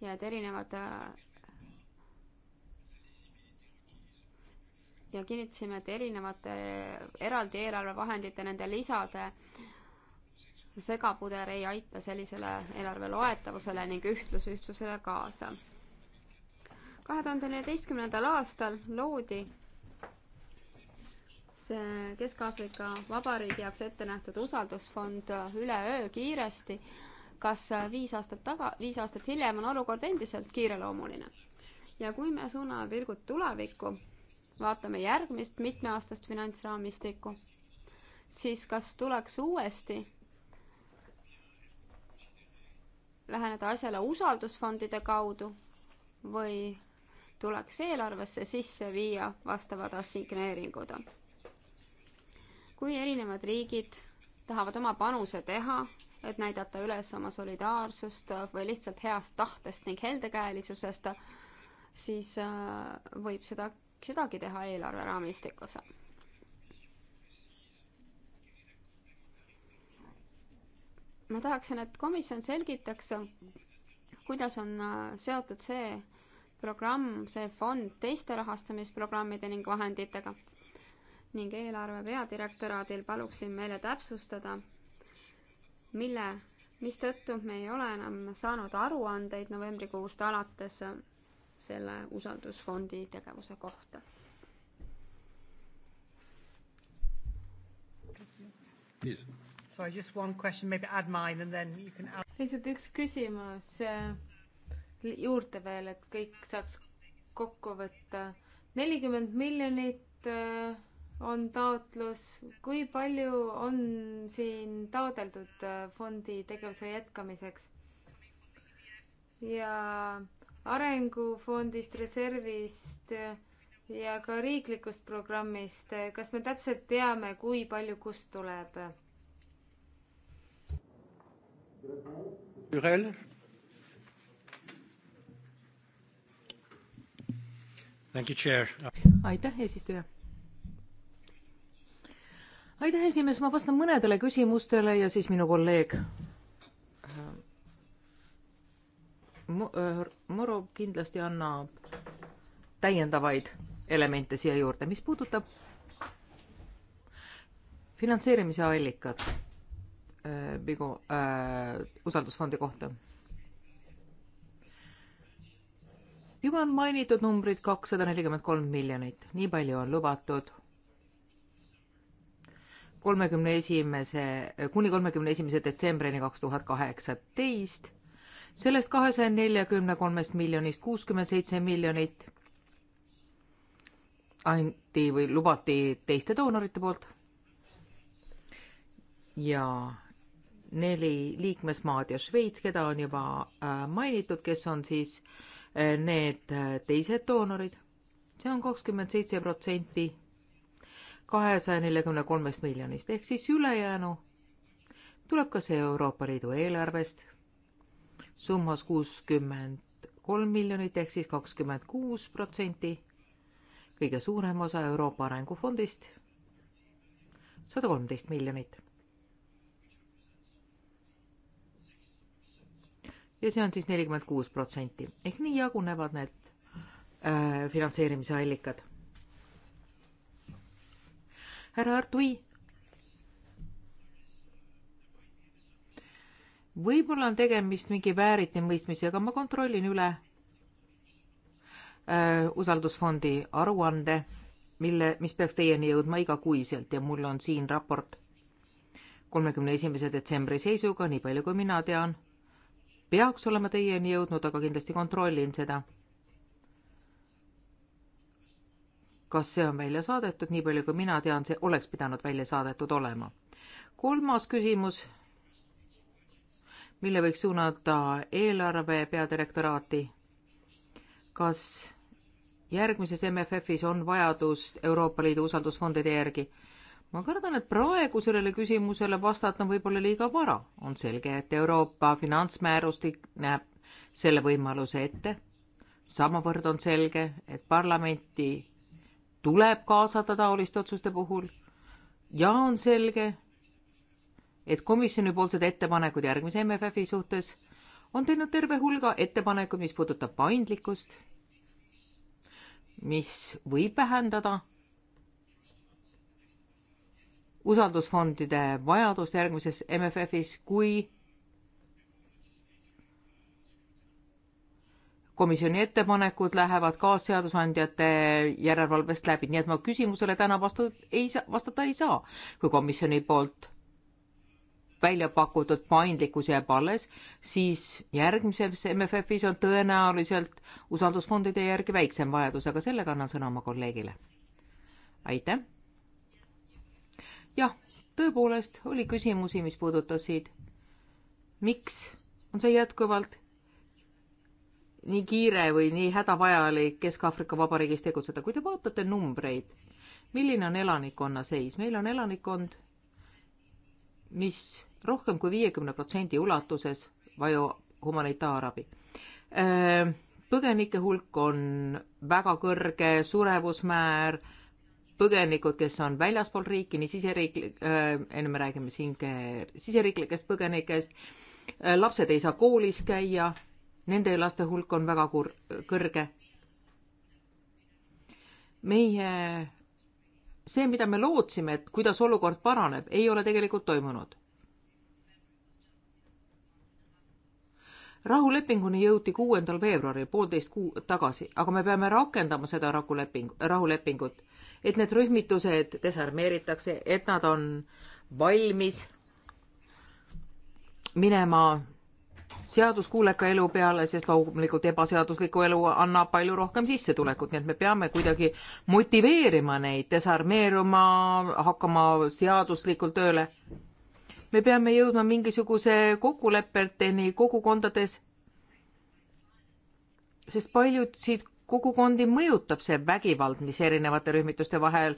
Speaker 2: ja et erinevad ja kinnitasime, et erinevate eraldi eelarvevahendite, nende lisade äh, segapuder ei aita sellisele eelarve loetavusele ning ühtlusühtsusele kaasa. kahe tuhande neljateistkümnendal aastal loodi see Kesk-Aafrika Vabariigi jaoks ette nähtud usaldusfond üleöö kiiresti. kas viis aastat taga, viis aastat hiljem on olukord endiselt kiireloomuline? ja kui me suuname pilgud tulevikku, vaatame järgmist mitmeaastast finantsraamistikku, siis kas tuleks uuesti läheneda asjale usaldusfondide kaudu või tuleks eelarvesse sisse viia vastavad assigneeringud. kui erinevad riigid tahavad oma panuse teha, et näidata üles oma solidaarsust või lihtsalt heast tahtest ning heldekäelisusest, siis äh, võib seda, sedagi teha eelarveraamistikus ma tahaksin, et komisjon selgitaks, kuidas on äh, seotud see programm, see fond teiste rahastamisprogrammide ning vahenditega. ning eelarve peadirektoraadil paluksin meile täpsustada, mille, mistõttu me ei ole enam saanud aruandeid novembrikuust alates äh, selle usaldusfondi tegevuse
Speaker 1: kohta yes.. Sorry, just one question, maybe add mine and then you can add. lihtsalt üks küsimus äh, juurde veel, et kõik saaks kokku võtta. nelikümmend miljonit äh, on taotlus, kui palju on siin taodeldud äh, fondi tegevuse jätkamiseks? ja arengufondist, reservist ja ka riiklikust programmist, kas me täpselt teame, kui palju kust tuleb?
Speaker 3: aitäh, eesistuja. aitäh, esimees, ma vastan mõnedele küsimustele ja siis minu kolleeg äh, Moro äh, kindlasti annab täiendavaid elemente siia juurde, mis puudutab finantseerimise allikat vigu äh, usaldusfondi kohta. juba on mainitud numbrid kakssada nelikümmend kolm miljonit, nii palju on lubatud kolmekümne esimese, kuni kolmekümne esimese detsembrini kaks tuhat kaheksateist. sellest kahesaja neljakümne kolmest miljonist kuuskümmend seitse miljonit anti või lubati teiste doonorite poolt. ja neli liikmesmaad ja Šveits, keda on juba äh, mainitud, kes on siis äh, need äh, teised doonorid. see on kakskümmend seitse protsenti kahesaja neljakümne kolmest miljonist ehk siis ülejäänu tuleb ka see Euroopa Liidu eelarvest summas kuuskümmend kolm miljonit ehk siis kakskümmend kuus protsenti, kõige suurem osa Euroopa Arengufondist sada kolmteist miljonit ja see on siis nelikümmend kuus protsenti ehk nii jagunevad need äh, finantseerimise allikad. härra Artui. võib-olla on tegemist mingi vääritimõistmisega, ma kontrollin üle äh, usaldusfondi aruande, mille, mis peaks teieni jõudma igakuiselt ja mul on siin raport kolmekümne esimese detsembri seisuga, nii palju kui mina tean peaks olema teieni jõudnud, aga kindlasti kontrollin seda. kas see on välja saadetud, nii palju kui mina tean, see oleks pidanud välja saadetud olema. kolmas küsimus, mille võiks suunata eelarve peadirektoraati. kas järgmises MFF-is on vajadus Euroopa Liidu usaldusfondide järgi? ma kardan, et praegu sellele küsimusele vastata on võib-olla liiga vara. on selge, et Euroopa finantsmäärustik näeb selle võimaluse ette. samavõrd on selge, et parlamenti tuleb kaasata taoliste otsuste puhul ja on selge, et komisjonipoolsed ettepanekud järgmise MFF-i suhtes on teinud terve hulga ettepanekuid, mis puudutab paindlikkust, mis võib vähendada usaldusfondide vajadust järgmises MFF-is, kui komisjoni ettepanekud lähevad kaasseadusandjate järelevalvest läbi, nii et ma küsimusele täna vastu ei saa, vastata ei saa, kui komisjoni poolt välja pakutud paindlikkus jääb alles, siis järgmises MFF-is on tõenäoliselt usaldusfondide järgi väiksem vajadus, aga sellega annan sõna oma kolleegile. aitäh! jah, tõepoolest oli küsimusi, mis puudutasid, miks on see jätkuvalt nii kiire või nii hädavajalik Kesk-Aafrika Vabariigis tegutseda, kui te vaatate numbreid, milline on elanikkonna seis, meil on elanikkond, mis rohkem kui viiekümne protsendi ulatuses vajub humanitaarabi. põgenike hulk on väga kõrge, surevusmäär põgenikud, kes on väljaspool riiki, nii siseriiklik äh,, enne me räägime siin siseriiklikest põgenikest äh,, lapsed ei saa koolis käia, nende laste hulk on väga kur-, kõrge. meie, see, mida me lootsime, et kuidas olukord paraneb, ei ole tegelikult toimunud rahulepinguni jõuti kuuendal veebruaril, poolteist kuud tagasi, aga me peame rakendama seda rahuleping, rahulepingut et need rühmitused desarmeeritakse, et nad on valmis minema seaduskuuleka elu peale, sest loomulikult ebaseadusliku elu annab palju rohkem sissetulekut, nii et me peame kuidagi motiveerima neid desarmeeruma, hakkama seaduslikult tööle. me peame jõudma mingisuguse kokkulepeteni kogukondades, sest paljud siit kogukondi mõjutab see vägivald, mis erinevate rühmituste vahel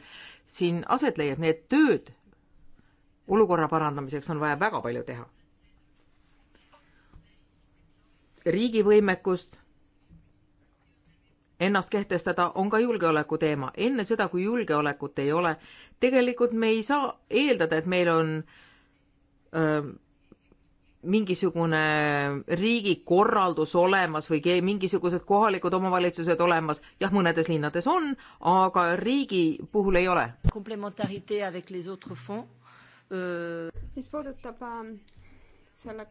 Speaker 3: siin aset leiab, nii et tööd olukorra parandamiseks on vaja väga palju teha. riigi võimekust ennast kehtestada on ka julgeoleku teema. enne seda, kui julgeolekut ei ole, tegelikult me ei saa eeldada, et meil on öö, mingisugune riigikorraldus olemas või mingisugused kohalikud omavalitsused olemas, jah, mõnedes linnades on, aga riigi puhul ei ole.
Speaker 2: Euh, mis puudutab äh, selle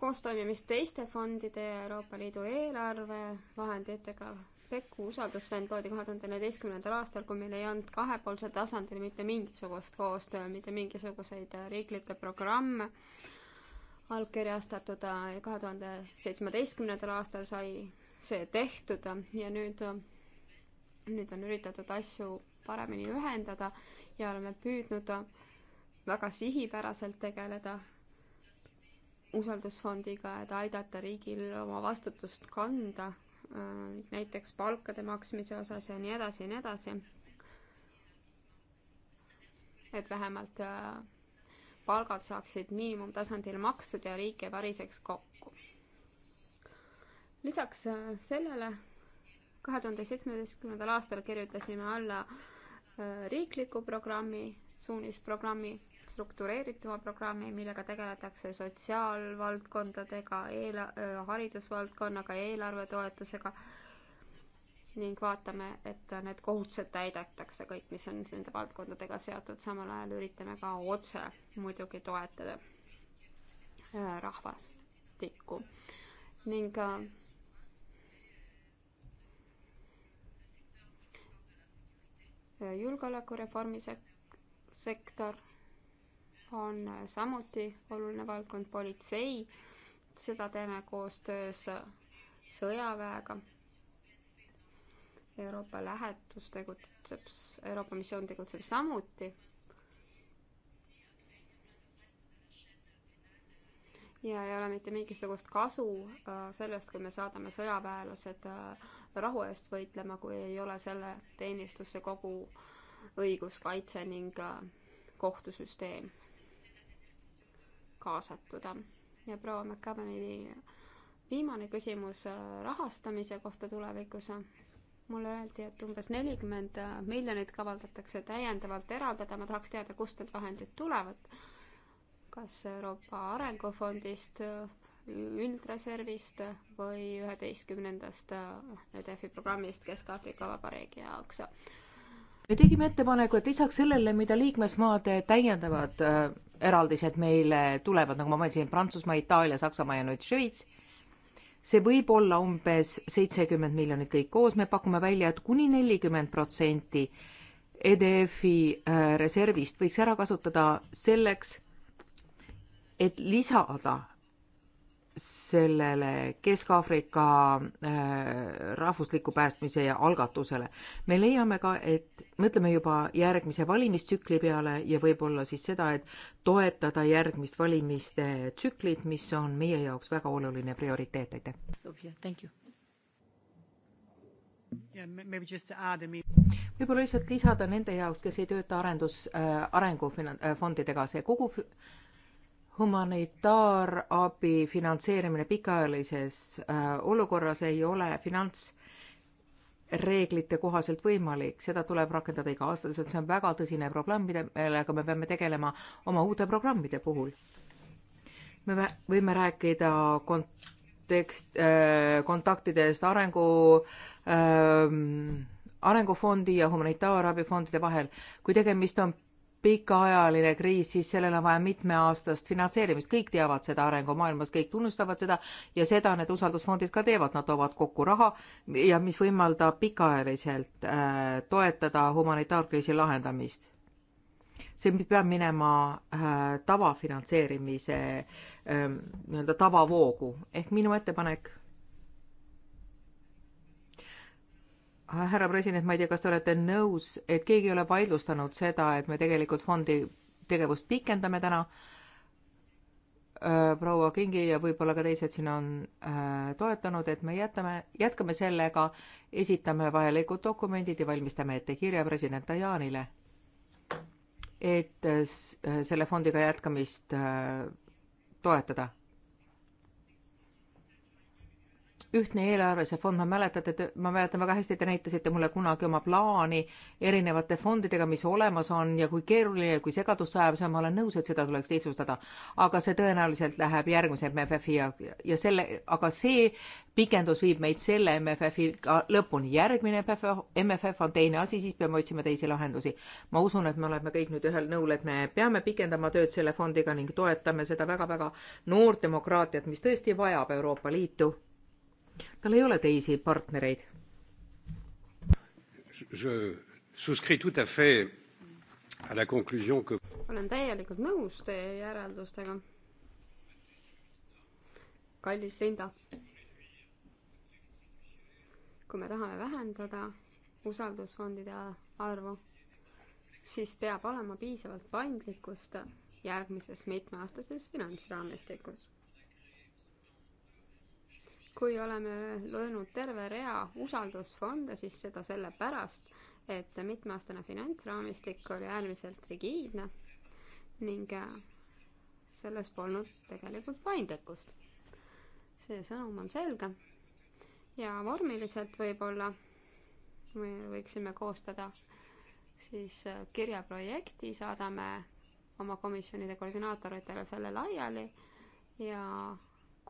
Speaker 2: koostoimimist teiste fondide ja Euroopa Liidu eelarvevahenditega, Peku usaldusvend loodi kahe tuhande neljateistkümnendal aastal, kui meil ei olnud kahepoolsel tasandil mitte mingisugust koostöö, mitte mingisuguseid äh, riiklikke programme allkirjastatud. Äh, kahe tuhande seitsmeteistkümnendal aastal sai see tehtud äh, ja nüüd, nüüd on üritatud asju paremini ühendada ja oleme püüdnud väga sihipäraselt tegeleda usaldusfondiga, et aidata riigil oma vastutust kanda Äh, näiteks palkade maksmise osas ja nii edasi ja nii edasi. et vähemalt äh, palgad saaksid miinimumtasandil makstud ja riik ei variseks kokku. lisaks äh, sellele kahe tuhande seitsmeteistkümnendal aastal kirjutasime alla riikliku programmi, suunisprogrammi struktureerituma programmi, millega tegeletakse sotsiaalvaldkondadega, eela-, haridusvaldkonnaga, eelarvetoetusega ning vaatame, et need kohustused täidetakse, kõik, mis on nende valdkondadega seotud, samal ajal üritame ka otse muidugi toetada rahvastikku ning julgeolekureformi sek-, sektor on samuti oluline valdkond, politsei, seda teeme koostöös sõjaväega. Euroopa lähetus tegutseb, Euroopa missioon tegutseb samuti. ja ei ole mitte mingisugust kasu äh, sellest, kui me saadame sõjaväelased äh, rahu eest võitlema, kui ei ole selle teenistusse kogu õiguskaitse ning äh, kohtusüsteem kaasatud. ja proua McCabeni viimane küsimus äh, rahastamise kohta tulevikus. mulle öeldi, et umbes nelikümmend äh, miljonit kavaldatakse täiendavalt eraldada, ma tahaks teada, kust need vahendid tulevad. kas Euroopa Arengufondist, äh, üldreservist või üheteistkümnendast EDF-i programmist Kesk-Aafrika Vabariigi jaoks?
Speaker 3: me tegime ettepaneku, et lisaks sellele, mida liikmesmaad täiendavad eraldised meile tulevad, nagu ma mainisin, Prantsusmaa, Itaalia, Saksamaa ja nüüd Šveits. see võib olla umbes seitsekümmend miljonit kõik koos, me pakume välja, et kuni nelikümmend protsenti EDF-i äh, reservist võiks ära kasutada selleks, et lisada sellele Kesk-Aafrika äh, rahvusliku päästmise algatusele. me leiame ka, et mõtleme juba järgmise valimistsükli peale ja võib-olla siis seda, et toetada järgmist valimiste tsüklit, mis on meie jaoks väga oluline prioriteet, aitäh. Sofia, thank you. võib-olla lihtsalt lisada nende jaoks, kes ei tööta arendus äh,, arengufondidega, äh, see kogu humanitaarabi finantseerimine pikaajalises äh, olukorras ei ole finantsreeglite kohaselt võimalik, seda tuleb rakendada iga-aastaselt, see on väga tõsine probleem, millega me peame tegelema oma uute programmide puhul. me võime rääkida kontekst, äh, kontaktidest arengu ähm, arengufondi ja humanitaarabifondide vahel. kui tegemist on pikaajaline kriis, siis sellel on vaja mitmeaastast finantseerimist, kõik teavad seda arengumaailmas, kõik tunnustavad seda ja seda need usaldusfondid ka teevad, nad toovad kokku raha ja mis võimaldab pikaajaliselt äh, toetada humanitaarkriisi lahendamist. see peab minema äh, tavafinantseerimise äh, nii-öelda tavavoogu ehk minu ettepanek Ah, härra president, ma ei tea, kas te olete nõus, et keegi ei ole vaidlustanud seda, et me tegelikult fondi tegevust pikendame täna. Äh, proua Kingi ja võib-olla ka teised siin on äh, toetanud, et me jätame, jätkame sellega, esitame vajalikud dokumendid ja valmistame ette kirja president Tajanile, et äh, selle fondiga jätkamist toetada ühtne eelarve, see fond, ma mäletan, et ma mäletan väga hästi, te näitasite mulle kunagi oma plaani erinevate fondidega, mis olemas on ja kui keeruline ja kui segadust sajab, siis ma olen nõus, et seda tuleks lihtsustada. aga see tõenäoliselt läheb järgmise MFF-i ja, ja selle, aga see pikendus viib meid selle MFF-i lõpuni. järgmine MFF, MFF on teine asi, siis peame otsima teisi lahendusi. ma usun, et me oleme kõik nüüd ühel nõul, et me peame pikendama tööd selle fondiga ning toetame seda väga-väga noort demokraatiat, mis tõesti vajab Euroopa Liitu tal ei ole teisi partnereid.
Speaker 2: Que... olen täielikult nõus teie järeldustega. kallis Linda. kui me tahame vähendada usaldusfondide arvu, siis peab olema piisavalt paindlikkust järgmises mitmeaastases finantsraamistikus kui oleme löönud terve rea usaldusfonde, siis seda sellepärast, et mitmeaastane finantsraamistik oli äärmiselt rigiidne ning äh, selles polnud tegelikult paindlikkust. see sõnum on selge ja vormiliselt võib-olla me võiksime koostada siis äh, kirjaprojekti, saadame oma komisjonide koordinaatoritele selle laiali ja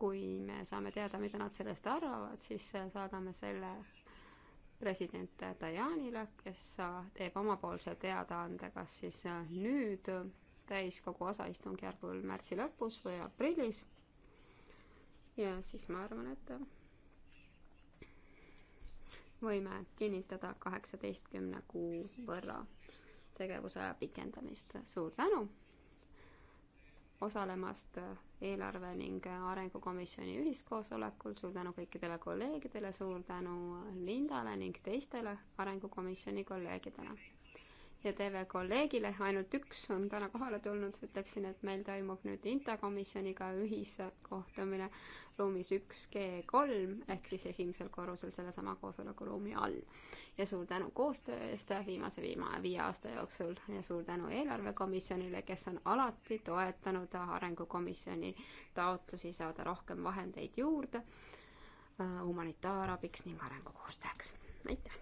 Speaker 2: kui me saame teada, mida nad sellest arvavad, siis saadame selle president Tajanile, kes teeb omapoolse teadaande, kas siis nüüd täiskogu osaistungjärgul märtsi lõpus või aprillis. ja siis ma arvan, et võime kinnitada kaheksateistkümne kuu võrra tegevusaja pikendamist. suur tänu osalemast äh, eelarve ning äh, arengukomisjoni ühiskoosolekul, suur tänu kõikidele kolleegidele, suur tänu Lindale ning teistele arengukomisjoni kolleegidele ja TV kolleegile, ainult üks on täna kohale tulnud, ütleksin, et meil toimub nüüd Intakomisjoniga ühiskohtumine ruumis üks G kolm ehk siis esimesel korrusel sellesama koosolekuruumi all. ja suur tänu koostöö eest viimase viima-, viie aasta jooksul ja suur tänu eelarvekomisjonile, kes on alati toetanud arengukomisjoni taotlusi saada rohkem vahendeid juurde äh, humanitaarabiks ning arengukoostööks. aitäh!